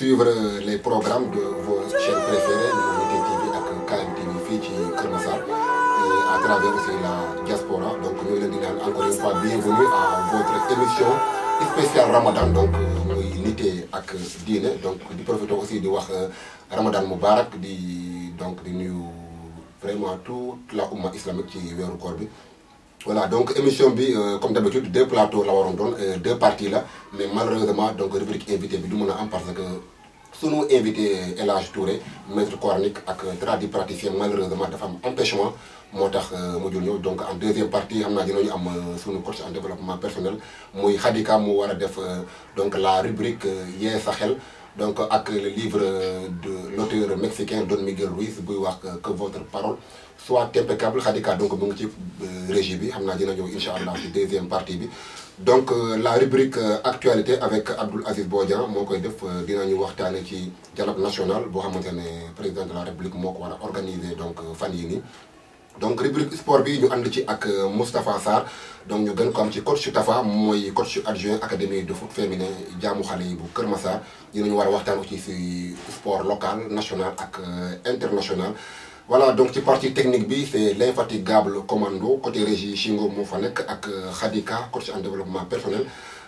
suivre les programmes de vos chaînes préférées de TV KMTV fii ci comme ça et à travers la diaspora donc nous vous disons encore une fois bienvenue à votre émission spéciale Ramadan donc muy à que Dîner. donc du professeur aussi de euh, voir Ramadan Moubarak donc de nuyu vraiment toute la communauté islamique qui weeru le voilà donc émission bi euh, comme d'habitude deux plateaux la euh, deux parties là, mais malheureusement donc rubrique invité bi du si a am parce que nous invité euh, Elage Touré maître coranique ak praticien malheureusement dafa am empêchement motax tax donc en deuxième partie amna dinañu am coach en développement personnel Khadika mu wara donc la rubrique yee sa donc avec le livre de l'auteur mexicain Don Miguel Ruiz wax que votre parole soit impeccable Khadika donc mon type ci euh, régie bi xam dina deuxième partie bi donc euh, la rubrique euh, actualité avec Abdoul Aziz Bodian moo koy def ñu waxtane ci dialogue national bo xamantene président de la république qui wara organiser donc fan yi donc rubrique sport bi ñu and ci ak euh, mustafa Sarr donc ñu gën ko am ci coach Tafa moy coach adjoint académie de foot féminin jaamu Khalibou yi bu Kër un ñu ñu war a ci sport local national ak euh, international. voilà donc ci partie technique bi c'est l'infatigable commando côté régie Chingo moo fa ak euh, Khadika coach en développement personnel.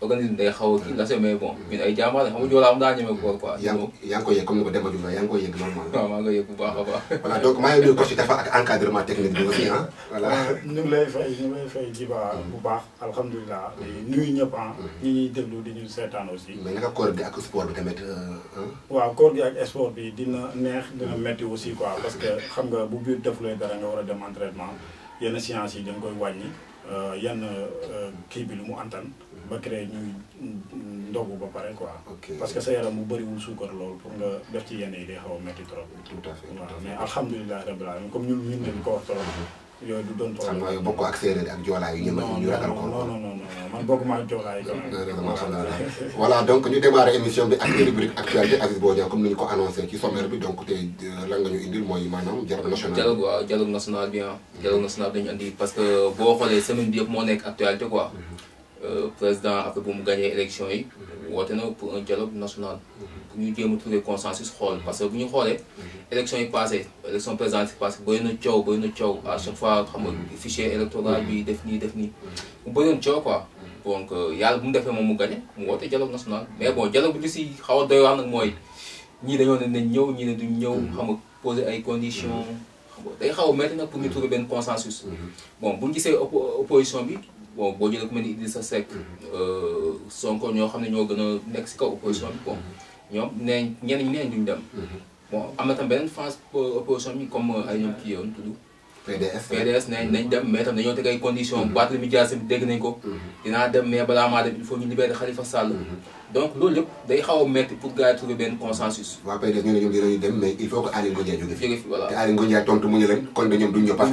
organisme day xaw a kii la mais bon ñun ay jàmbaar la am daa ñeme koor quoi. yaa ngi koy yëg comme ni ko Demba Diouf yaa ngi koy yëg normal. waaw maa ngi koy yëg bu baax a baax. voilà donc maa ngi ñëpp ah. ñi ñuy déglu di nu seetaan aussi. mais naka koor gi ak sport bi tamit. waaw koor gi ak sport bi dina neex dina metti aussi quoi parce que xam nga bu biir defulee dara nga war a dem entraînement yenn séances yi dañ koy wàññi yenn kii bi lu mu antan ba créé ñuy ndogu ba pare quoi. parce que sa yaram bu bëriwul suukar lool pour nga def ci yenn yi day xaw a métti trop. tout à fait waaw mais alhamdulilah rabbil alamin comme ñun ñun dañu ko wax trop. Mm-hmm. yooyu du doon problème xam nga bokk ak séeréer ak joolaa yi ñëpp ñu ragal ko. non non non man bokk ma ak joolaa voilà donc ñu démarré émission bi ak rubrique actualité Aziz Bodian comme ni ñu ko annoncé ci sommaire bi donc tey euh, lan nga ñu indil mooy maanaam dialogue national. dialogue waaw dialogue national bien. dialogue national dañu andi parce que boo xoolee semaine bi yëpp moo nekk actualité quoi. Mm-hmm. Euh, président après bu mu gagné élection yi. Mhm. woote na pour un dialogue national. Mhm. pour ñu jéem a trouver consensus xool mhm. parce que bu ñu xoolee. élection yi passé élection présidentielle passé bëri na coow bëri na coow à chaque fois xam nga fichier électoral bi def nii def nii. mu bëriwoon coow quoi. donc euh, yàlla bu mu defee moom mu gagné mu woote dialogue national mais bon dialogue bi li si xaw a doy waar nag mooy ñii dañoo ne ñëw ñii ne duñ ñëw. xam nga poser ay conditions. xam nga day xaw a pour ñu trouver ben consensus. bon buñu ñu opposition bi. bon boo jëlee ku mel ni Idrissa Seck mhm. euh, Sonko ñoo xam ne ñoo gën a nekk si kaw opposition bi bon mhm. ñoom nee ñenn ñi nee duñ dem. Mhm. bon am na tam beneen phase opposition bi comme baat euh, li mu jaay seen nañ ko. dinaa dem mais balaa maa dem il faut ñu libérer Khalifa Sall. donc loolu lépp day xaw a métti pour gars yi trouver benn consensus. waa PDS ñu ne ñoom dinañu dem mais il faut que Aly jóge fi. jóge te Aly tontu mu ñu leen kon de ñoom duñ ñëw parce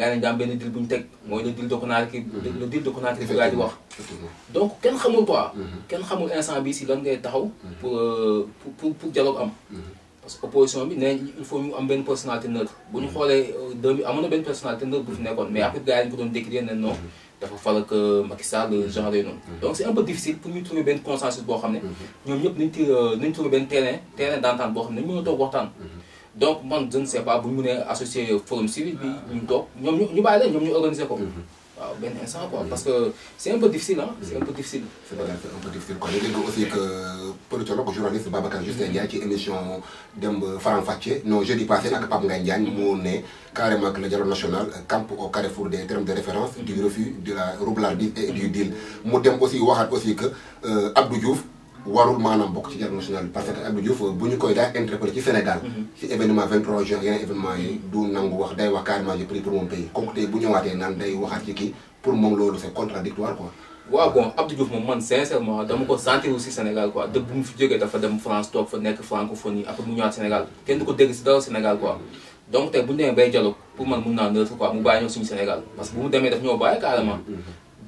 gars yi dañu am benn deal bu ñu teg mooy le deal de Conakry le mhm. deal de Conakry yi wax donc kenn xamul quoi mhm. kenn xamul instant bi si lan ngay taxaw mhm. euh, pour pour pour dialogue am parce que opposition bi nee il faut ñu am benn personnalité neutre bu ñu xoolee euh, deux na benn bu fi nekkoon mais après gars yi ñu ko doon décrier ne non dafa faral que euh, Macky genre yooyu noonu donc c' est un pour ñu trouver benn consensus boo xam ne ñoom ñëpp nañ ti nañ trouver benn terrain terrain d'entente boo xam ne ñu donc man je ne sais pas bu ñu associer forum civil bi ñu top ñoom ñu ñu ñom ñu organiser ko. Mhm. waaw ben instant quoi parce que c'est un peu difficile hein c'est un peu difficile. c'est pas un peu difficile quoi dégg aussi que politologue journaliste Babacar Justin Ndiaye ci émission dem Faram Facce non jeudi passé c'est Pape Ngagne Ndiagne moo ne carrément que le journal national camp au carrefour des termes de référence du refus de la roublardise et du deal mu dem aussi waxat aussi que euh, Abdou Diouf warul manam bok ci dialogue national parce que Abdou Diouf bu koy da interpeller ci Sénégal. Mhm. ci événement 23 juin yeneen événement yi. du nang wax day wax carrément j'ai pris pour mon pays kooku tey buñu waté nan day waxat ci ki pour mom lolu c'est contradictoire quoi. waaw bon Abdou Diouf moom man sincèrement dama ko senti aussi Sénégal quoi de bu mu fi jógee dafa dem France tok fa nek francophonie après mu ñëwaat Sénégal kenn du ko dégg ci dara Sénégal quoi. donc tey bu ñu bay dialogue pour man mëna naa neutre quoi mu bàyyi ñëw suñu Sénégal parce que bu mu demee daf ñoo bàyyi carrément. Mhm.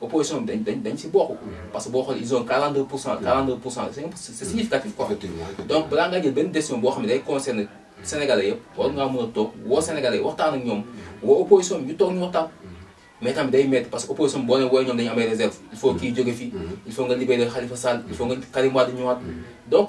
opposition bi dañ dañ dañ si bokk. parce que boo xoolee ils ont 42 pour cent 42 pour cent c'est significatif quoi. donc balaa nga jël benn décision boo xam ne day concerner Sénégalais yëpp war ngaa mën a toog woo Sénégalais waxtaan ak ñoom woo opposition bi ñu toog ñu waxtaan. mais tamit day métti parce que opposition boo ne wooy ñoom dañu amee réserve il faut kii jóge fii mm-hmm. il faut nga libérer Khalifa Sall il faut nga Karim Wade ñëwaat mm-hmm. donc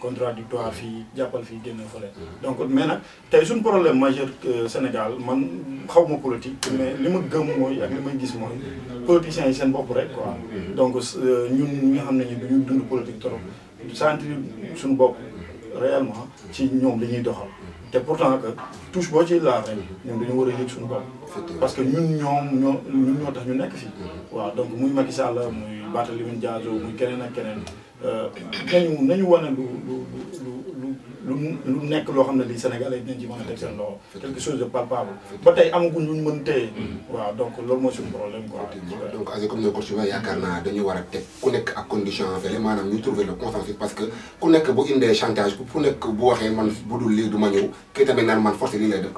contradictoire fi jàppal fi génn fële mm-hmm. donc mais nag tey suñu problème majeur euh, Sénégal man xaw ma politique mais li ma gëm mooy ak li may gis mooy politiciens yi seen bopp rek quoi mm-hmm. donc euh, ñun ñi nga xam ne ñu duñu dund politique trop sentir suñu bopp réellement ci ñoom li ñuy doxal mm-hmm. te pourtant que touche boo ci laal rek ñun dañu war a yëg suñu bopp parce que ñun ñoom ñoo ñun ñoo tax ñu nekk fi waaw donc muy Macky Sall muy Barthélémy Dias muy keneen ak keneen euh, nous nañu wane lu lu nous lu lu nekk loo xam ne Sénégalais dinañ ci mën a quelque chose de palpable ba tey amaguñ luñ mën téye mm-hmm. waaw donc l'homme mooy suñu problème quoi donc as comme ne ko suba yaakaar naa dañu war a teg ku nekk ak condition fele maanaam ñu trouver le consensus parce que ku nekk bu des chantage ku nekk bu waxee man bu dul du ma ñëw kii tamit naan man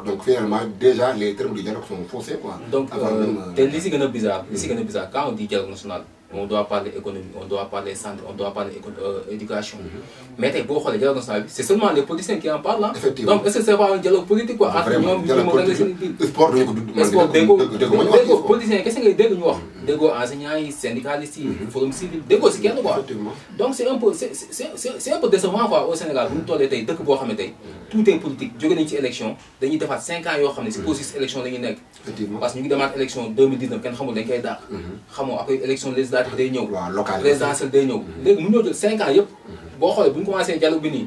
donc finalement déjà les termes du dialogue sont faussés quoi donc euh, euh, te li si gën bizarre ici si gën bizarre quand on dit dialogue national on doit parler économie on doit parler santé on doit parler éducation. mais c'est boo les gens dans sa seulement les politiciens qui en parlent donc est ce que c'est est un dialogue politique quoi. ak ñoom ñu ce que sport dégg ko que politiciens qu'est-ce les enseignants syndicalistes des mhm. forum civil c'est si kenn quoi. donc c'est un peu c'est un peu décevant au Sénégal mhm. tout est politique jóge nañu ci élection dañuy defaat 5 ans yoo mhm. élection la parce que ñu ngi élection 2019 kenn xamul dañ koy dàq. après élection législative day présidentielle day mu 5 ans commencé dialogue bi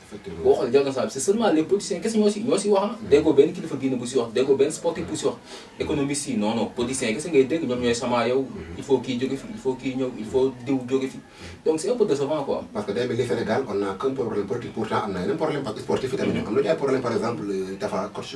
boo xoolee Jalgati Sall bi c'est seulement les politiciens kese ñoo si ñoo si wax ah. déggoo benn kilifa diine bu si wax déggoo ben sportif bu si wax. économiste yi non non politiciens kese ngay dégg ñoom ñooy sama yow. Hmm. il faut kii jóge fi il faut kii ñëw il faut diw jóge fi hmm. donc c'est un peu décevant quoi. parce que day les ni Sénégal on a qu'un problème politique pourtant am na yeneen problème parce que sportif yi tamit. a na problème par exemple euh, Tafa coach.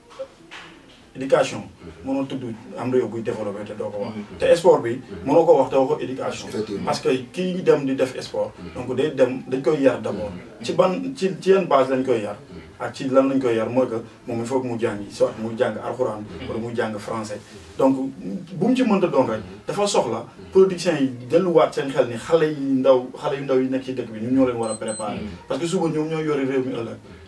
éducation mhm. mënoo tudd am réew guy développé te doo ko wax mhm. te sport bi mhm. mënoo ko wax te waxoo éducation parce que kii dem di def sport donc day dem dañ koy yar d'abord ci ban ci ci baas base lañ koy yar ak ci lan lañ koy yar mooy que moom il faut que mu jàngi soit mu jàng alxuraan wala mu jàng français donc bu mu ci mënta doon rek dafa soxla productions yi delluwaat seen xel ni xale yi ndaw xale yu ndaw yi nekk ci dëkk bi ñun ñoo leen war a préparer parce que ñoo yore réew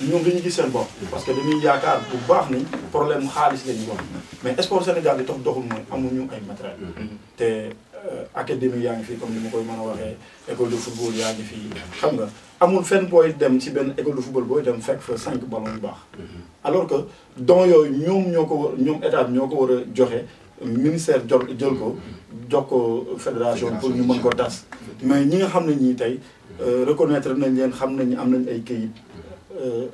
ñoom dañuy gis seen bopp parce que dañuy yaakaar bu baax ni problème xaalis la ñu woon mais sport Sénégal li tax doxul mooy ñu ay matériel mm-hmm. te euh, académie yaa ngi fi comme ni ma koy mën waxee école de football yaa ngi fi xam nga amul fenn booy dem ci benn école de football booy dem fekk fa cinq ballons yu baax mm-hmm. alors que don yooyu ñoom ñoo ko ñoom état ñoo ko war a joxe ministère jol jël ko mm-hmm. jox ko fédération pour ñu mën ko tas mais ñi nga xam ne ñii tey euh, reconnaître nañ leen xam nañ am nañ ay këyit Euh,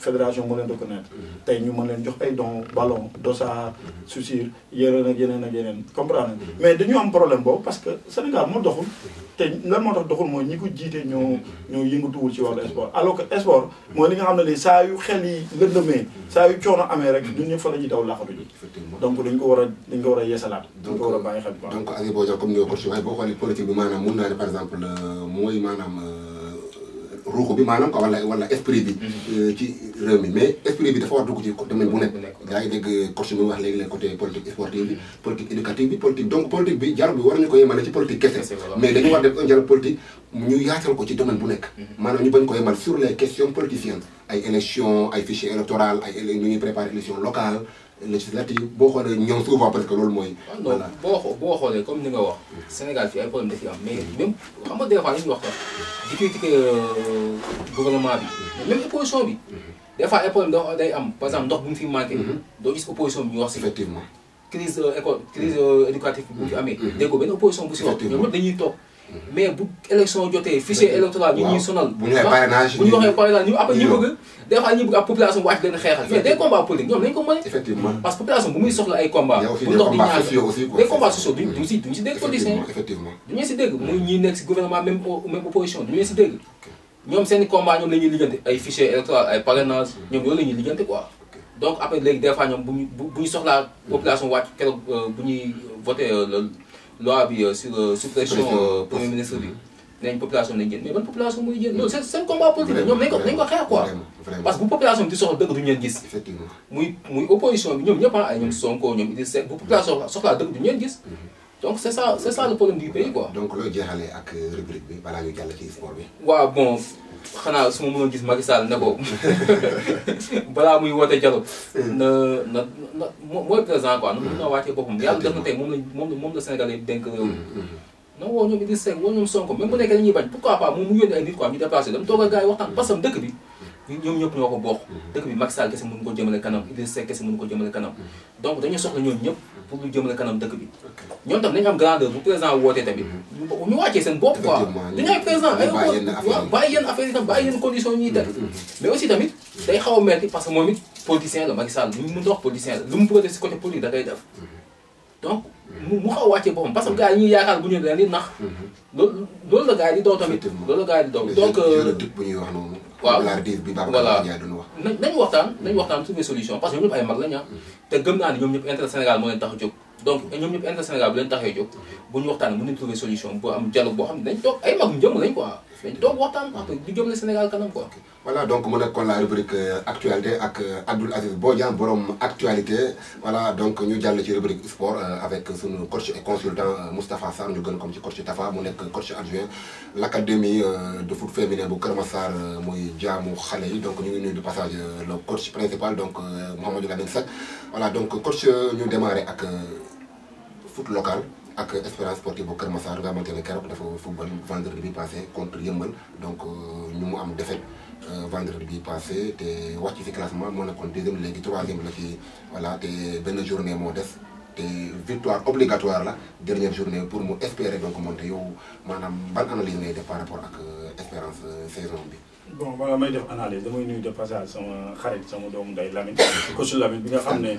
fédération de leen reconnaître mhm. tey ñu mën leen jox ay don ballon mhm. comprendre mhm. mais dañu am problème parce que Sénégal moo te lan ñi ko alors que sport mooy li nga xam ne yu xel yi lëndëmee yu donc dañ ko a dañ ko donc comme nga ko politique par exemple euh, mooy euh, ruuxu bi maanaam quoi wala wala esprit bi. Mhm. Euh, ci réew mi mais esprit bi dafa war dugg ci domaine bu nekk. yaa ngi dégg bi wax léegi le côté politique sportive bi. Mhm. politique éducative bi politique donc politique bi jarul bi war nañu ko yemale ci politique kese. mais dañu war def un dialogue politique ñu yaatal ko ci domaine bu nekk. Mhm. maanaam ñu bañ ko yemal sur les questions politiques. ay élections ay fichiers électoraux ay ni ñuy préparer élections locales. législative boo xoolee ñoom souvent parce que loolu mooy. Ah voilà boo xoo xoolee comme ni nga wax. Sénégal fii ay problème daf fi am mais mm-hmm. même xam nga des euh, bi. même opposition bi. Mm-hmm. des fois ay problème am pare exemple ndox bu mu fi manqué. Mm-hmm. doo gis opposition bi ñu wax si. effectivement crise euh, école crise euh, éducative bu fi amee. dégg nga benn opposition bu si wax ñoom dañuy toog. mais bu élection jotee fichier électoral ñu ñuy sonal bu ñu waxee ah, parrainage bu ñu waxee parrainage ñu après ñu bëgg des fois ñu bëgg population bu wàcc leen xeexal mais des combats politiques ñoom nañ ko mëne effectivement parce que population bu muy soxla ay combats bu ndox di ñaar des combats sociaux duñ duñ si duñ si dégg politicien effectivement duñu si dégg muy ñi nekk si gouvernement même même opposition duñu si dégg ñoom seen combat ñoom la ñuy liggante ay fichier électoral ay parrainage hmm. ñoom loolu la ñuy liggante quoi donc après léegi des fois ñoom bu ñu bu ñu soxlaa population wàcc keroog euh, bu ñuy voté euh, loolu loi bi euh, sur euh, suppression euh, premier ministre bi nañ population nañ jël mais ban population muy jël loolu c'est un combat politique ñom nañ ko nañ ko xeex quoi parce que bu population bi di soxla dëgg duñu ñen gis muy muy opposition bi ñom ñëpp ah, ay ñom Sonko ñom Idriss Seck bu population soxlaa dëgg duñu ñen gis mhm. donc c'est ça c'est ça le problème du pays quoi donc loo jeexalee ak rubrique bi balaa ñu jàll ci sport bi waaw bon xanaa su ma mën gis Macky Sall ne ko balaa muy woote dialogue. Mm. na na na mooy président quoi. na mun naa wàccee boppam mm. yàlla def na tey moom la moom la moom la Sénégalais dénk mm, Sonko même bu nekkee dañuy bañ pourquoi pas moom mu yónni ay nit quoi ñu déplacé dem toog ak yi waxtaan parce que dëkk bi. ñoom ñëpp ñoo ko bokk. dëkk bi Macky Sall kese mënu ko kanam Idrissa Seck kese mënu ko jëmale kanam. donc dañoo soxla ñoom ñëpp. pour lu jëmale kanam dëkk bi. ñoom tam nañu xam grandeur bu président wootee tamit. ñu wàccee seen bopp quoi. dañu ay président ay affaire yi tam bàyyi yenn conditions yi mais aussi tamit day xaw a parce que moom it politicien la Macky Sall mu mën a wax politicien la lu mu projet si côté politique da koy def. donc mu xaw wàccee boppam parce que gars yi ñuy yaakaar bu ñu nax. loolu la gars yi di tamit. loolu la gars yi di donc. waaw lardive bi Babacar Ndiaye doon wax nañ nañ waxtaan nañ waxtaan trouver solution parce que ñoom ñëpp ay mag lañ ah mm-hmm. te gëm naa ne ñoom ñëpp intérêt Sénégal moo leen tax a jóg donc ñoom ñëpp intérêt Sénégal bu leen taxee jóg mm-hmm. bu ñu waxtaan mu nañ trouver solution bu am dialogue boo xam ne dañ toog ay mag njëm lañ quoi donc voilà donc on a la rubrique euh, actualité avec euh, Abdul Aziz Boyan. borom actualité voilà donc nous avons la rubrique sport euh, avec son coach et consultant Moustapha Sam Nous gën comme ci coach Tafa mu est coach adjoint l'académie de foot féminin bu Massar Nous Djamou donc nous ngi de passage le coach principal donc Mohamed Lamine voilà donc coach ñu démarré le foot local ak Espérance sportive bu Kër Massar nga xamante ne dafa football vendredi bi passé contre Yëmbal donc euh, ñu mu am défaite euh, vendredi bi passé té wacc ci classement moo nekkoon deuxième léegi troisième la ci voilà té benn journée mo def té victoire obligatoire la dernière journée pour mu espérer donc monter yow maanaam ban analyse ngay def par rapport ak euh, Espérance saison bi. bon voilà may def analyse damay nuyu de passage sama xarit sama doomu day Lamine coach Lamine bi nga xam ne.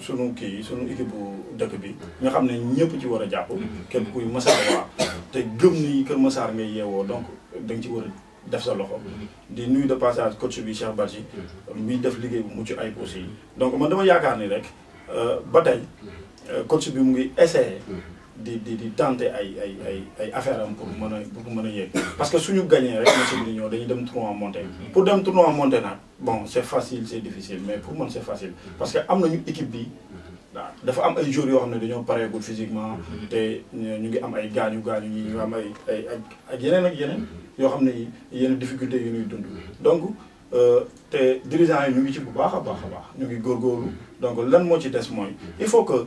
sunu kii sunu équipe bu dëkk bi nga xam ne ñëpp ci war a jàpp képp kuy Massar waa te gëm ni Kër Massar ngay yeewoo donc da nga ci war a def sa loxo di nuyu de passage coach bi Cheikh Badji mi def liggéey bu mucc ay aussi donc man dama yaakaar ni rek euh, ba tey euh, coach bi mu ngi essayé di tenter pour pour parce que si nous rek monsieur pour dem tournoi monté c'est bon c'est facile c'est difficile mais pour moi c'est facile parce que amna équipe bi dafa am ay physiquement té ñu ngi am ay ay ak difficulté donc les euh, dirigeants yi ñu ngi ci bu donc lan mo ci des moy il faut que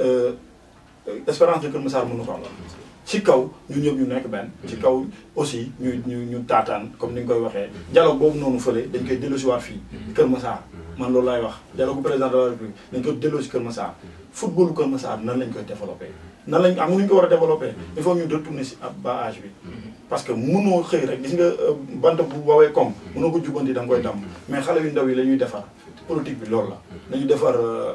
Euh, espérance de Kër Massar nu ko am ci kaw ñu ñëpp ñu nekk benn. ci mhm. kaw aussi ñu ñu ñu taataan comme ni nga koy waxee. dialogue boobu noonu fële dañ koy delloosiwaat fii. Mhm. Kër Massar mhm. man loolu laay wax dialogue bu président de la République dañ koy delloosi Kër Massar. footballu Kër Massar nan lañ koy développé. nan lañ am ñu ko war a développé. il faut ñu retourner si ab bas âge bi. parce que mënoo xëy rek gis nga euh, bant bu woowee koŋ. mënoo ko jubbanti da nga koy damm mais xale yu ndaw yi la ñuy defar. politique bi loolu la. dañuy defar. Euh,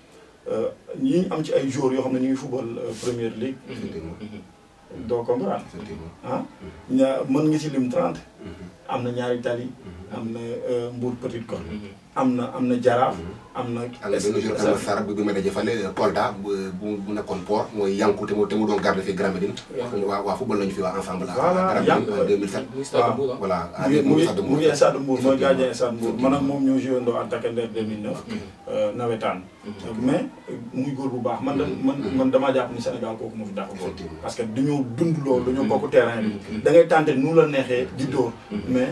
ñi euh, ñu am ci ay joueurs yoo xam ne ñuy ngi football première ligue. doo comprendre. ah mm-hmm. ña mën nga ci lim 30. Mm-hmm. am na ñaari tali. Mm-hmm. am na euh, Mbour Petite Côte. am na am na jaraaf. Mhm. am na sar bi ma daje fale euh, Kolda bu bu nekkoon port mooy Yankou te mu te mu doon garde fii Grand Médine waa waa football lañu fi waa ensemble voilà Yankou 2007 euh, voilà mu ngi mu ngi Stade Mbour mooy gardien Stade Mbour man ak moom ñoo joué ndoo ak Takender 2009 nawetaan euh, mais muy góor bu baax man da mm-hmm. man mm-hmm. man damaa jàpp ni Sénégal kooku moo fi dàq góor parce que dañoo dund loolu dañoo mm-hmm. bokk terrain bi da ngay tenter nu la neexee di dóor mais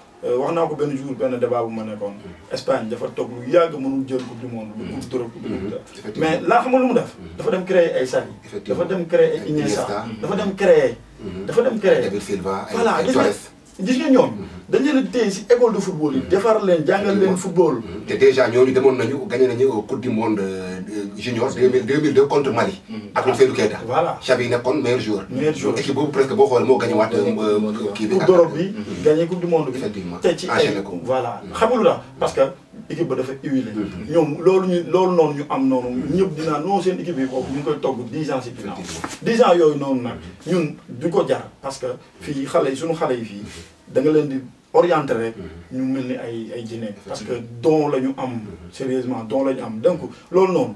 Euh, wax naa ko benn jour benn débat bu ma nekkoon Espagne dafa toog lu yàgg mënul jël coupe du monde lu mm. coupe d'Europe mm. mais laa xam lu mu def mm. dafa dem créer ay Sarri dafa dem créer ay Iniesta dafa dem créer dafa dem créer voilà gis nga ñoom dañ leen a de football defar leen jàngal leen football. te déjà ñooñu demoon nañu gagné nañu coupe du monde euh, junior deux mille deux mille contre Mali. Mm. ak lu Seydou Keita. voilà Xavi nekkoon meilleur joueur. meilleur joueur boobu presque boo xoolee moo gagné waat euh, kii bi. coupe d'Europe bi gagné coupe monde bi. effectivement te ci ay voilà xamul la parce équipe ba dafa huilé mm-hmm. ñoom loolu ñu loolu noonu ñu am noonu mm-hmm. ñëpp dinaa non seen équipe yi boobu ñu koy togg dix ans si ginnaaw dix ans yooyu noonu nag mm-hmm. ñun di ko jar parce que fii xale yi suñu xale yi fii danga leen di orienté rek ñu mel ni ay ay jinne parce que don la ñu am sérieusement don la ñu am donc loolu noonu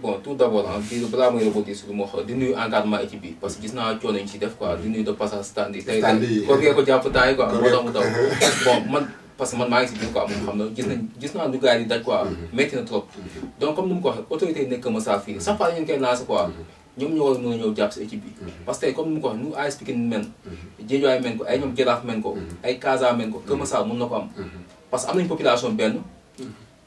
bon tout d' abord ah kii balaa muy rebondir si lu ma wax di nuyu encadrement équipe bi parce que gis naa coono yi ñu def quoi di nuyu de passage stand ko ngeen ko jàpp temps yi moo tax mu daw parce que man maa si biir mm-hmm. mm-hmm. ko waxee autorité yi mm-hmm. si équipe ko waxee nu AS Pikine men ko ay ñoom Jaraaf men ko ay Casa men ko Keur Massar mën na ko am parce que am nañ population benn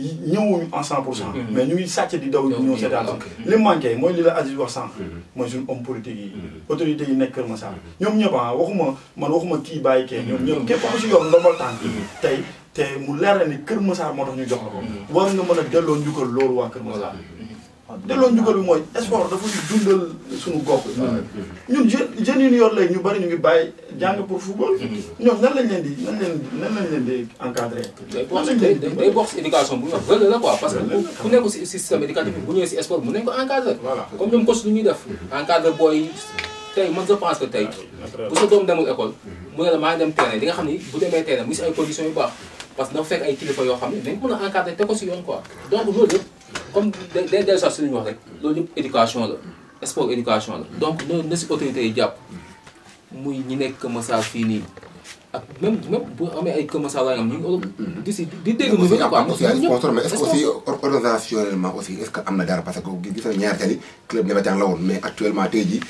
ñëwuñu en cent pour cent mm-hmm. mais ñu ngi sàcc di daw ñëw seetaan si li manqué mooy li la wax sànq mm-hmm. mooy suñu homme politique yi mm-hmm. autorité yi nekk Kër Massar ñoom ñëpp ah waxuma man waxuma kii bàyyi kee ñoom ñëpp képp ku si yoon ndombal tànk tey te mu leer na ni Kër Massar moo tax ñu jox la ko war nga mën a delloo njukkal loolu waa Kër Massar delloo njukkal bi mooy sport dafa dundal suñu gox. ñun je jeunes yi ñu yor léegi ñu bari ñu ngi bàyyi jàng pour football. ñoom day bokk si bu ñu wax valeur la quoi. parce que ku nekk si système éducatif bu ñëwee si sport mun nañ ko encadré. comme ñoom coach lu ñuy def. encadré booy tey man je pense que tey bu sa doom demul école. mu ne la maa dem terrain di nga xam ni bu demee terrain mu si ay yu baax. parce que dafa fekk ay un encadrer te ko quoi donc nous comme dès dès ça wax rek lolu éducation la sport éducation donc ne si autorité yi jàpp muy ñi nekk Massar ak même même bu amé ay la ñu di di dégg aussi mais est ce que organisationnellement aussi est ce que dara parce que gis tali club navétane la mais actuellement tay ji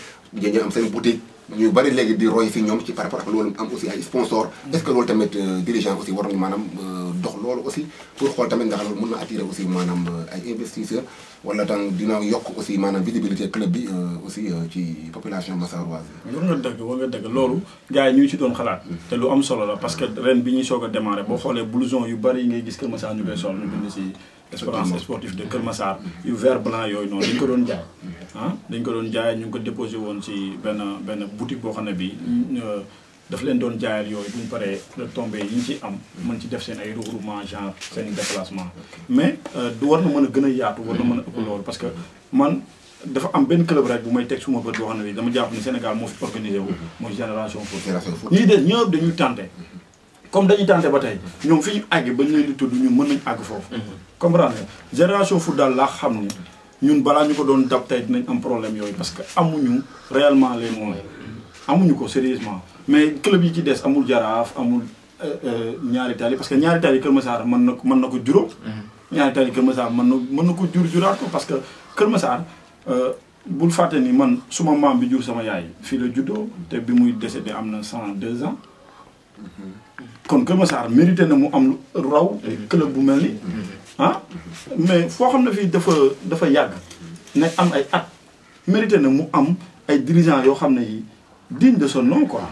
am boutique. ñu bari léegi di roy fi ñoom ci par rapport ak loolu am aussi ay sponsor est-ce que loolu tamit euh, dirigeant aussi waroon maanaam euh, dox loolu aussi pour xool tamit ndax loolu mën na attirer aussi maanaam euh, ay investisseurs wala tam dina yokk aussi maanaam visibilité club bi aussi ci population massaroise war nga dëgg war nga dëgg loolu gars yi ñu ci doon xalaat mm-hmm. te lu am solo la parce ren bi ñuy soog a démarrer boo xoolee blouson yu bari yi ngay gis Kër Massar ñu koy sol ñu bind si Espérance sportive de Kër Massar yu vert blanc yoy non dañ ko doon jaay han ah, dañ ko doon jaay ñu ngi ko déposé won ci ben ben boutique bo xam ne bi euh, daf leen doon jaayal yooyu bu ñu paree tombé yi ñu ci am mën ci def seen ay regroupement genre seen déplacement mais euh, du war na mën a gën a yaatu war na mën a ëpp loolu parce que man dafa am benn club rek bu may teg suma bët boo xam ne dama jàpp ni Sénégal moo fi organisé wu mooy génération foot ñii de ñëpp dañuy tànte comme dañuy tànte ba tey ñoom fi ñu àgg ba ñu leen di tudd ñu mën nañ àgg foofu mhm. comprendre génération foot daal laa xam ne ñun balaa ñu ko doon dab tey dinañ am problème yooyu parce que amuñu réellement les moyens amuñu ko sérieusement mais club yi ci des amul jaraaf amul ñaari euh, euh, tali parce que ñaari tali mm-hmm. Kër Massar mën na mën na ko juróom. ñaari tali Kër Massar man na mën na ko jur juraat parce que Kër Massar euh, bul fàtte ni man suma maam bi jur sama yaay fii la juddoo te bi muy décédé am na cent deux ans. Mm-hmm. kon Kër Massar mérité na mu am lu raw. Mm-hmm. club bu mel ah mais fo xamna fi fii dafa dafa yag, nekk am ay at mérité na mu am ay dirigeants yo xamna ne yi digne de son nom quoi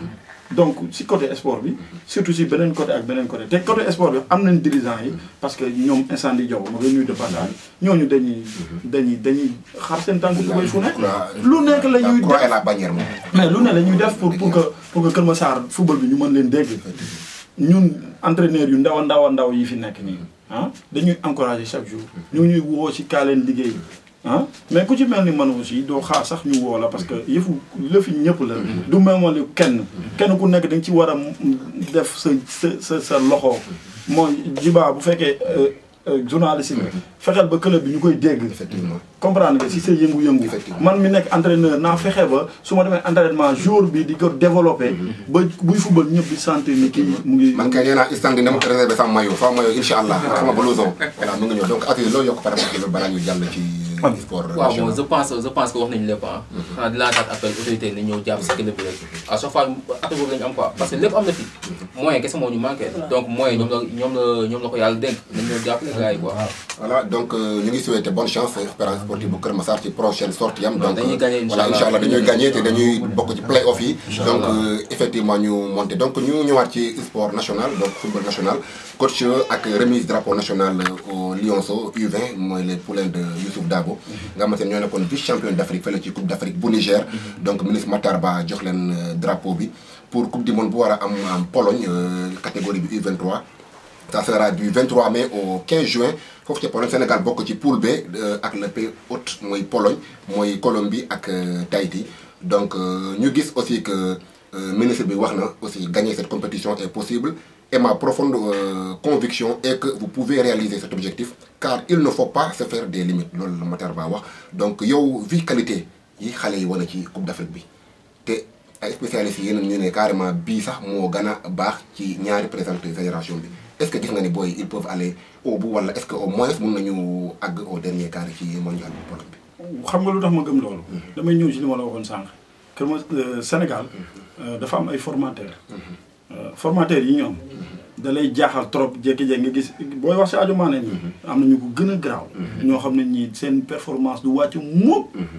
donc si côté sport bi surtout si benen côté ak benen côté té côté sport bi am nañ dirigeants yi parce que ñom incendie jox ma nga ñuy de passage ñooñu dañuy dañuy dañuy xar seen tànk lu bay fu nekk lu nekk la ñuy def mais lu ne la ñuy def pour pour que pour que Kër Massar football bi ñu mën leen dégg ñun entraîneur yu ndaw ndaw ndaw yi fi nekk ni Hein? de nous encourager chaque jour. Nous nous voulons aussi caler le gay. Mais quand tu mets les manos aussi, donc ça nous voilà parce que il faut le finir pour le. Du moment le ken, ken on connaît que dans qui voilà, def ce ce ce ce lochon. Moi, dis bah vous que Euh, journaliste yi mm-hmm. fexeel ba club bi ñu koy dégg comprendre nga si say yëngu-yëngu man mi nekk entraîneur naa fexe ba su ma demee entraînement jour bi di ko développé mm-hmm. ba buy football ñëpp di ni kii mu ngi man kay nee naa instant bi dama ko réservé sama maillot sama maillot incha allah sama blouson ñëw donc at loolu yokk par rapport balaa ñu jàll ci waaw bon je pense je pense que wax nañu lépp ah mhm. xanaa di lantaat appel autorité nañ ñëw si club bi rek mhm. à chaque fois appel boobu la ñu am quoi parce que lépp am na fi mhm. moyen kese moo ñu manqué donc moyen ñoom la ko yàlla dénk nañ ñëw jàppale gars yi quoi voilà donc euh, ñu ngi souhaité bonne chance Espérance sportive bu Kër Massar ci prochaine sortie am donc voilà allah dañuy gagné te dañuy bokk ci play off yi donc euh, effectivement ñu monté donc ñu ñëwaat ci sport coach ak remise drapeau national au euh, Lyonceau U20 les poulets de Youssouf Dabo Nous sommes les ñoo vice champion d'Afrique fële ci coupe d'Afrique bu Niger donc ministre Matarba jox leen euh, drapeau bi pour coupe du monde pour la am en Pologne euh, catégorie U23 ça sera du 23 mai au 15 juin foofu ca Pologne Sénégal bokk ci poule B ak le pays hôte Pologne moy Colombie ak Tahiti donc ñu gis aussi que ministre bi aussi gagner cette compétition est possible et ma profonde euh, conviction est que vous pouvez réaliser cet objectif car il ne faut pas se faire des limites Donc, le Matar Ba wax donc yow vie qualité yi xale yi wane ci Coupe d'Afrique bi les ay spécialistes yi yeneen carrément bii sax moo bar a baax ci ñaari génération est-ce que les nga ni ils peuvent aller au bout wala est-ce que au moins ils nañu aller au dernier quart ci mondial bi problème bi. xam nga lu tax ma gëm loolu. Mm-hmm. damay ñëw ci li ma la waxoon sànq. que euh, Sénégal. Mm-hmm. Euh, dafa am formateurs. Mm-hmm. Euh, formateur yi ñoom am da lay jaaxal trop jékki-jékki nga gis booy wax Sadio Mané nii mhm. am na ñu ko gën a garaaw mhm. ñoo xam ne ñii seen performance du wàcc mukk mhm.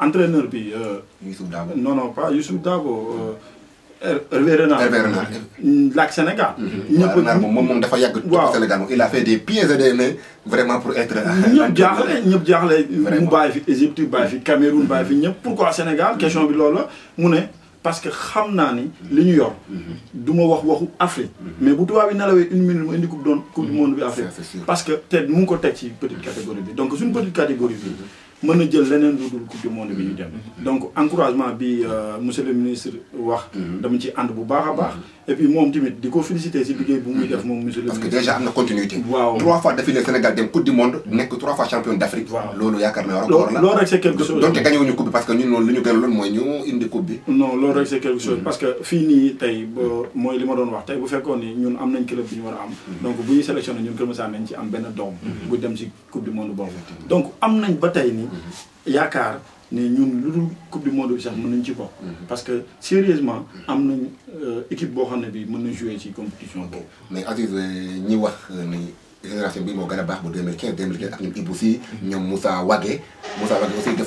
entraîneur bi. Euh, Youssouf Dabo non non pas Youssouf Dabo. Hervé euh, er, Renard Hervé Renard. Mm, laak Sénégal. Mhm. ñëpp Renard moom moom dafa yàgg. waaw Sénégal il a fait des pieds et des mains vraiment pour être. ñëpp jaxlé ñëpp jaxlé mu bàyyi fi Égypte bàyyi fi Cameroun bàyyi fi ñëpp pourquoi Sénégal mhm. question bi loolu mu né parce que xamna ni liñu yor mhm. duma wax waxu Afrique mais bu tubaab yi nelawee une minute mo indi coupe d'on coupe du monde bi Afrique parce que te mu ko teg ci petite catégorie bi donc suñu petite catégorie bi mën a jël leneen lu dul coupe du monde bi ñu dem mm-hmm. donc encouragement bi euh, monsieur le ministre wax mm-hmm. dama ci ànd bu baax a baax et puis moom tamit di ko féliciter si liggéey bu muy def moom monsieur parce que déjà am na continuité. waaw trois fois le Sénégal dem coupe du monde nekk trois fois champion d'Afrique. waaw loolu yaakaar naa war na. c'est quelque chose Donc, donte gagné wuñu coupe parce que ñun loolu li ñu gën loon mooy ñu indi coupe bi. non loolu c'est quelque chose mm. parce que fini, nii tey ba mooy li ma doon wax tey bu fekkoon ni ñun am club bi ñu war a am. Mm. donc bu ñuy sélectionné ñun Kër Massar nañ ci am benn doom. Mm. bu dem si coupe du monde boobu. donc am nañ ba tey ni yaakaar ne ñun lu dul coupe du monde bi sax mën nañ ci bokk. Mm-hmm. parce que sérieusement am nañ euh, équipe boo xam ne bii mën na jouer ci compétition boobu. mais Aziz euh, ñi wax euh, ni bi moo gën a baax bu 2015 2015 ak ñoom Ibou Sy mm-hmm. ñoom Moussa Wagué Moussa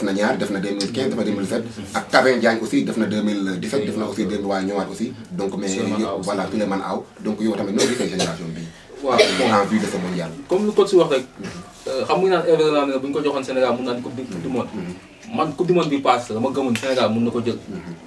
na ñaar def na 2015 def na 2017 mm-hmm. ak bi waaw en vue de ce comme lu coach si wax rek monde man coupe du monde bi paase la ma gëmoon Sénégal mun na ko jël. Mhm.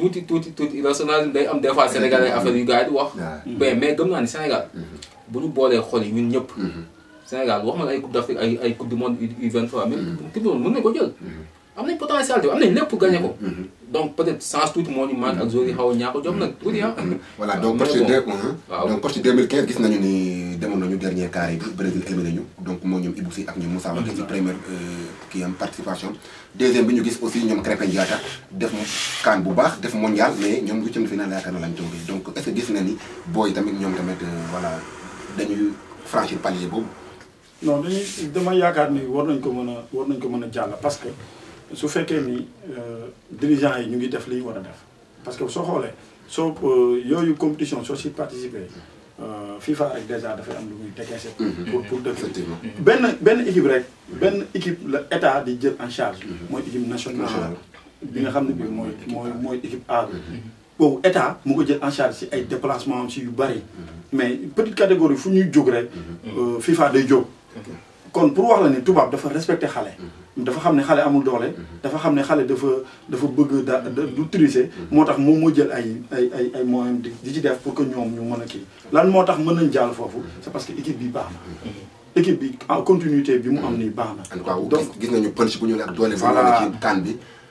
tuuti tuuti tuuti rationalisme day am des fois sénégalais mm-hmm. affaire yu gars yi di wax. mais mm-hmm. mais gëm naa ni Sénégal. Mm-hmm. bu ñu boolee xol yi ñun ñëpp. Sénégal wax ma ay coupe d'Afrique ay ay coupe du monde U23 même coupe du monde mën na ko jël. am nañ potentialité am lepp lépp gagné ko. Mhm. donc peut-être sans tuuti mon ñu ak zone yi xaw a jom nak tuuti ah. Mhm. voilà ah, donc coach de hein. waaw donc coach 2015 gis nañu ni demoon nañu dernier carré yi Brésil éliminé ñu donc mo ñom Ibou Sy ak ñoom Moussa Wagué ci première euh kii am participation deuxième bi ñu gis aussi ñom Krépin diata def mu CAN bu baax def mondial mais ñom huitième ci finale yaaka na lañ tombé donc est ce que gis na ni boy tamit ñom tamit euh, voilà dañuy franchir palier boobu. non dañuy dama yaakaar ni war nañ ko mëna war nañ ko mëna jall parce que su fekkee ni euh, dirigeants yi ñu ngi def li ñu war a def parce que soo xoolee soo euh, yooyu compétition soo si participer euh, FIFA rek déjà dafay am lu muy décaissé. Mhm. pour pour dëkk benn benn équipe rek mhm. benn équipe la état di jël en charge. Mhm. mooy équipe nationale ah, bi nga xam ne bii mooy mooy mooy équipe A boobu état mu ko jël en charge si ay déplacement am si yu bari mais petite catégorie fu ñuy jóg rek FIFA day jóg kon pour wax la ni tubaab dafa respecter xalé mhm. dafa xam ne xale amul doole. Mhm. dafa xam ne xale dafa dafa bëgg du triser. motax mhm. mo mo jël ay ay ay ay moyens di ci def pour que ñom ñu mëna ki lan motax mëna ñu jall fofu c'est parce que équipe bi baax na. équipe bi en continuité bi mu am ni baax na. donc gis nañu punch bu ñu ne doolé doole. voilà kan bi.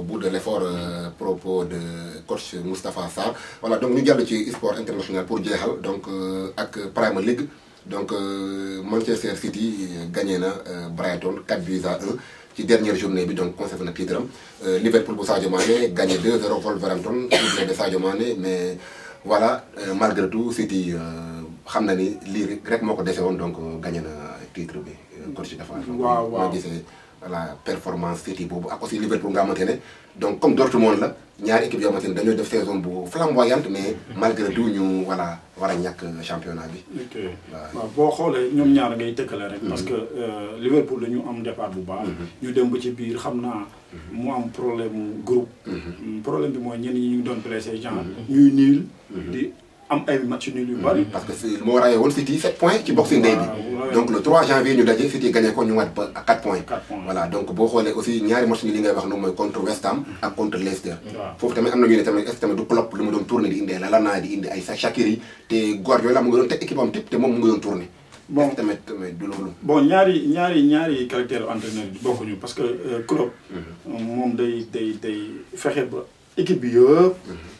au bout de l'effort euh, propos de coach Moustapha Sarr voilà donc nous avons ci sport international pour djahal donc euh, avec Premier League donc euh, Manchester City gagné Brighton 4 buts à 1 ci dernière journée donc conservé un titre Liverpool pour Sadio gagné 2-0 Wolverhampton doublé de mais voilà malgré tout City xam na ni lii rek moo donc gagné le titre mais coach la performance City bobu ak aussi Liverpool nga xamante donc comme Dortmund la ñaari équipe yo xamante ne def saison bu flamboyante mais malgré tout ñu voilà wara ñak championnat bi. ok waaw boo xoolee ñoom ñaar ngay tekkale rek. parce mhm. que euh, Liverpool dañu am départ bu baax. Mhm. ñu dem ba ci biir xamna naa. Mhm. mu am problème groupe. Mm, problème bi mooy ñenn ñi ñu doon pressé genre ñuy niil di am ay match nul yu bari. parce que si moo rawee woon City 7 points ci boxing day bi. donc le 3 janvier ñu daje City gagné ko ñu mat ba 4 points. 4 points voilà donc boo xoolee aussi ñaari match ni li ngay wax noonu mooy contre West Ham. ak contre Leicester. faut que am na ñu ne tamit est-ce tamit du Klopp lu mu doon tourné di la ay Lallana di indi ay Shaqiri te Guardiola mu ngi doon équipe am te moom mu ngi doon bon tamit du loolu. bon ñaari ñaari ñaari caractère entraîneur bokkuñu parce que euh, Klopp. Mm-hmm. moom day day day fexe ba équipe bi yëpp. Mm-hmm.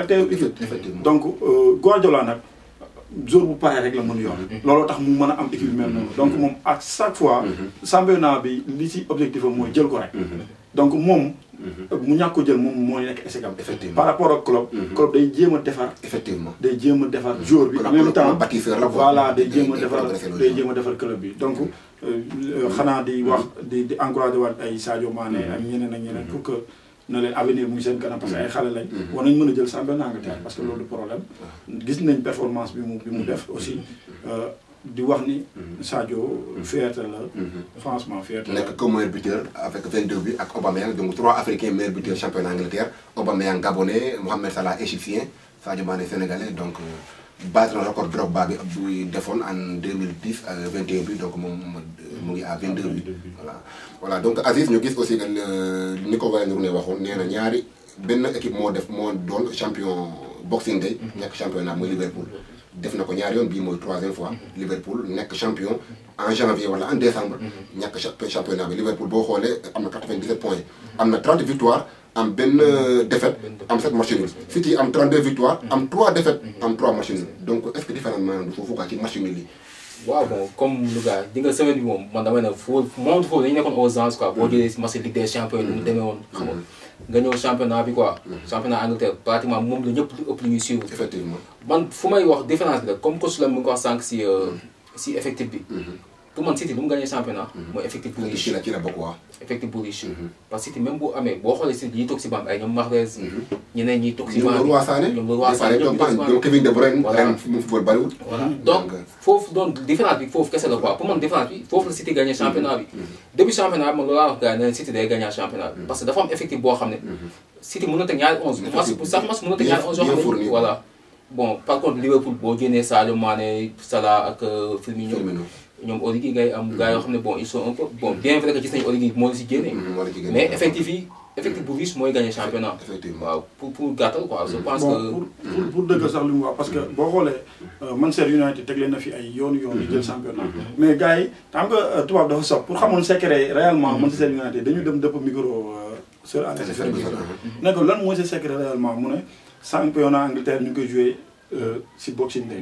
dara teewul donc euh, Guardiola nak jour bu paree rek la mën yor mhm. looloo tax mu mën am équipe mel mhm. noonu donc mhm. moom à chaque fois championnat bi li ci objectif am jël ko rek donc moom mu ñàkk ko jël moom mooy nekk échec am effectivement par rapport au club club day jéem a effectivement day jéem a jour bi en même temps voilà day jéem a day jéem a club bi donc euh, euh, xana di wax di encourager encouragé ay Sadio Mané ak ñeneen ak ñeneen pour que nous avons avenir parce que mm-hmm. problème performance aussi Sadio franchement comme avec 22 buts ak Aubameyang donc trois africains meilleurs buteurs championnat Angleterre gabonais Mohamed Salah égyptien Sadio sénégalais donc euh, battre euh, un record drop bi en 2010 à 21 donc mon à 22 buts. voilà voilà donc Aziz nous gis aussi que euh, Nico ko Waly Ndourné ben ñaari équipe mo def champion boxing day mhm. championnat Liverpool def nako ko ñaari bi troisième fois mhm. Liverpool nek champion en janvier voilà en décembre Il mhm. championnat Liverpool championnat xolé amna 97 points amna 30 victoires am euh, benn défaite am sept match nul fii ci am 32 victoires mm. am 3 défaites mm. am 3 matchs nul donc est-ce que différence maanaam du foofu quoi ci match nul yi. waaw bon comme Louga di nga semaine bi moom man damay ne foofu moom foofu dañu nekkoon aux ans, quoi mm. boo jëlee match Ligue des champions nous mu demee woon nga nga championnat bi quoi. championnat Angleterre pratiquement moom la ñëpp lu ëpp lu ñuy suivre. effectivement man fu may wax différence bi la comme coach la mu ngi wax sànq si si euh, effectif bi. Mm-hmm pour man City lu mu championnat. Mhm. mooy effectif pour riche la ci la bokk waaw. effectif bu riche. Mhm. parce que même bu amé bo xolé si ñi toog si banc ay ñom Mahrez. Mhm. ñeneen ñi toog si banc ñoom Leroy Sané ñoom Leroy Sané ñoom ñoom Kevin De Bruyne. voilà football bariwul. voilà donc fofu donc différence bi foofu kese la quoi pour man différence bi foofu la City gagné championnat bi. depuis championnat bi la loolu laa wax City day gagné championnat parce que dafa am effectif bo xamné ne. City mën na teg ñaari onze. mas pour sax mas mën na teg ñaari onze voilà. bon par contre Liverpool bo génnee Salah Mané Salah ak euh, Firmino ñoom Origi ngay am gars yoo bon ils sont un peu bon bien vrai que gis nañu Origi moo la si mm, mais effectivement yi effectif bu riche gagné championnat. effectivement waaw pour pour gàttal quoi. je pense que pour pour pour dëgg sax li mu parce que boo xoolee euh, Manchester United teg leen na fi ay yoonu yoon di jël championnat. Mm-hmm. Mm-hmm. mais gars yi xam tu euh, tubaab dafa sopp pour xamoon secret réellement mm-hmm. Manchester United dañu dem dëpp micro. Euh, Sir Alex Ferguson ne ko lan mooy sa secret réellement mu championnat Angleterre ñu ngi koy joué si boxing day.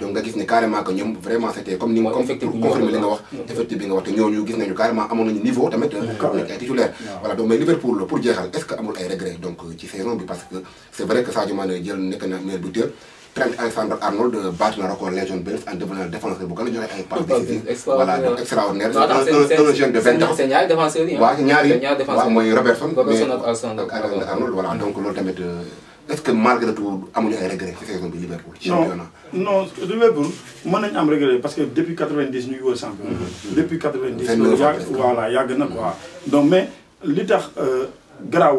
donc nga carrément que vraiment c'était comme ni pour confirmer li nga wax effectif bi nga wax niveau euh, voilà donc Liverpool pour est-ce que amul ay donc euh, ci saison bi parce que c'est vrai que ça Mané jël nek na meilleur buteur Trent Alexander-Arnold euh, bat na record Legion en devenant défenseur bu voilà donc extraordinaire un jeune de 20 ans est-ce que malgré tout amuñu ay regret cette saison de Liverpool. championnat non je Liverpool mën nañu am regret parce que depuis 90 nous sommes woon championnat. depuis 90. 29 ans yàgg voilà yàgg na quoi. donc mais ce qui est grave,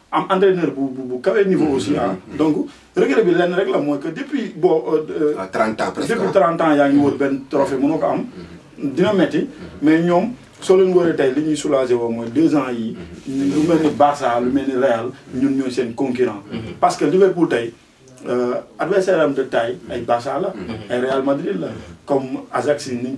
am entraîneur bu bu niveau mm-hmm. aussi hein. mm-hmm. donc regret bi lenn que depuis 30 euh, euh, ah, ans il y a ans mm-hmm. trophée am. dina metti mais ñom so leen deux ans yi lu melni Barça lu Real parce que Liverpool euh, adversaire de taille ay Barça Real Madrid comme Ajax ni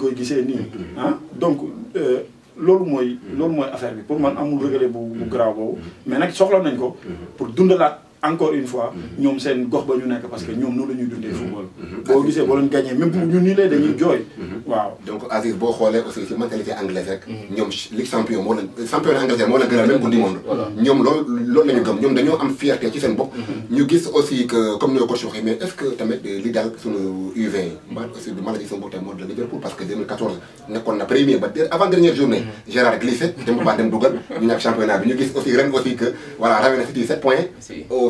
loolu mooy. Mm-hmm. loolu mooy affaire bi pour man amul mm-hmm. regret bu bu mm-hmm. garaaw boobu. mais nag soxla nañ ko. pour dundalaat. encore une fois nous sommes gox ba ñu parce que nous noonu la ñuy dundee football nous mhm. mhm. gisee boo leen gagné même pour nous nii lee dañuy mhm. joy, waaw donc beaucoup boo xoolee aussi si mentalité anglaise rek ñoom les champion moo la champion anglaise moo la gënal même pour du monde ñoom loolu loolu la nous gëm nous dañoo am fierté ci seen bopp ñu gis aussi que comme nous coach waxee mais est ce que tamit li sur le U20 yi mbaa aussi du maladie seen bopp tamit moo la Liverpool parce que 2014 nekkoon na premier ba avant dernière journée Gérard glissé dem ko baa dem dugal ñu ñàkk championnat nous ñu aussi ren aussi que voilà rawe na si 7 points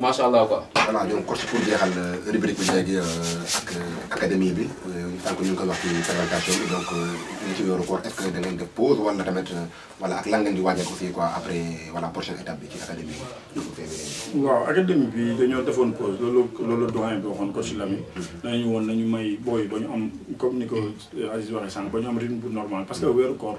macha allah quoi. voilà donc coach pour jeexal euh, rubrique bi léegi euh, ak euh, académie bi tant que ñu ngi koy wax ci présentation bi donc ñu ci weeru koor est ce que da ngeen ak lan ngeen di waajal aussi quoi après voilà prochaine étape bi ci académie bi. waaw académie bi dañoo defoon pause loolu loolu doyen bi waxoon coach Lami. Mm-hmm. danañu woon nañu may booy ba ñu am comme ni ko Aziz waxee sànq ba ñu am rythme bu normal parce que weeru koor.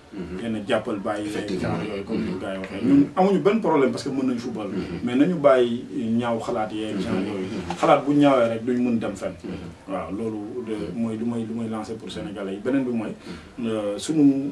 yenn mhm. jàppal bàyyi. effectivement yooyu comme ni gars yi mhm. waxee. ñun mhm. amuñu benn problème parce que mën nañu football. mais nañu bàyyi ñaaw xalaat yee genre xalaat bu ñaawee rek duñ mun dem fenn. waaw loolu mooy lu may lu may lancer pour sénégalais yi beneen bi mooy euh, suñu.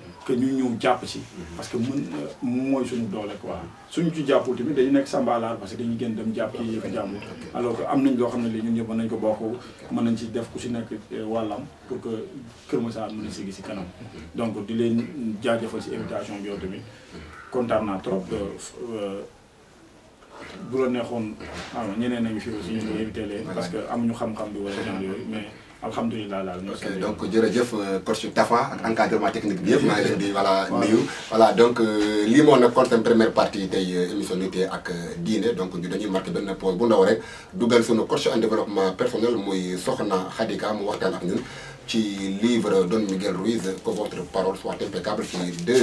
que ñu ñëw jàpp si mhm. parce que mën mooy suñu doole waa suñu ci jàppul tamit dañu nekk sambalaar parce que dañu génn dem jàpp ci yëfu jàmm. alors que am nañ loo xam ne li ñun ñëpp mën nañ ko bokk mën nañ ci def ku si nekk eh, wàllam pour que Kër Massar mën a mhm. sigi si kanam. donc di leen jaajëfal si invitation bi yow tamit mhm. kontaan naa trop. Euh, bu la neexoon xam nga ah, ñeneen nañu fi aussi ñu invité leen parce que am ñu xam-xam bi wala ñaan yooyu mais. alhamdulilah daal ok donc jërëjëf euh, coach Tafa ak mm. encadrement technique bi yëpp maa ngi di mm. voilà nuyu voilà donc euh, lii a nekkoon une première partie tey euh, émission à ak dîner donc ñu dañuy marqué benn pause bu ndaw rek dugal sunu coach en développement personnel muy Soxna Khadika mu waxtaan ñun ci livre Don Miguel Ruiz que votre parole soit impeccable ci deux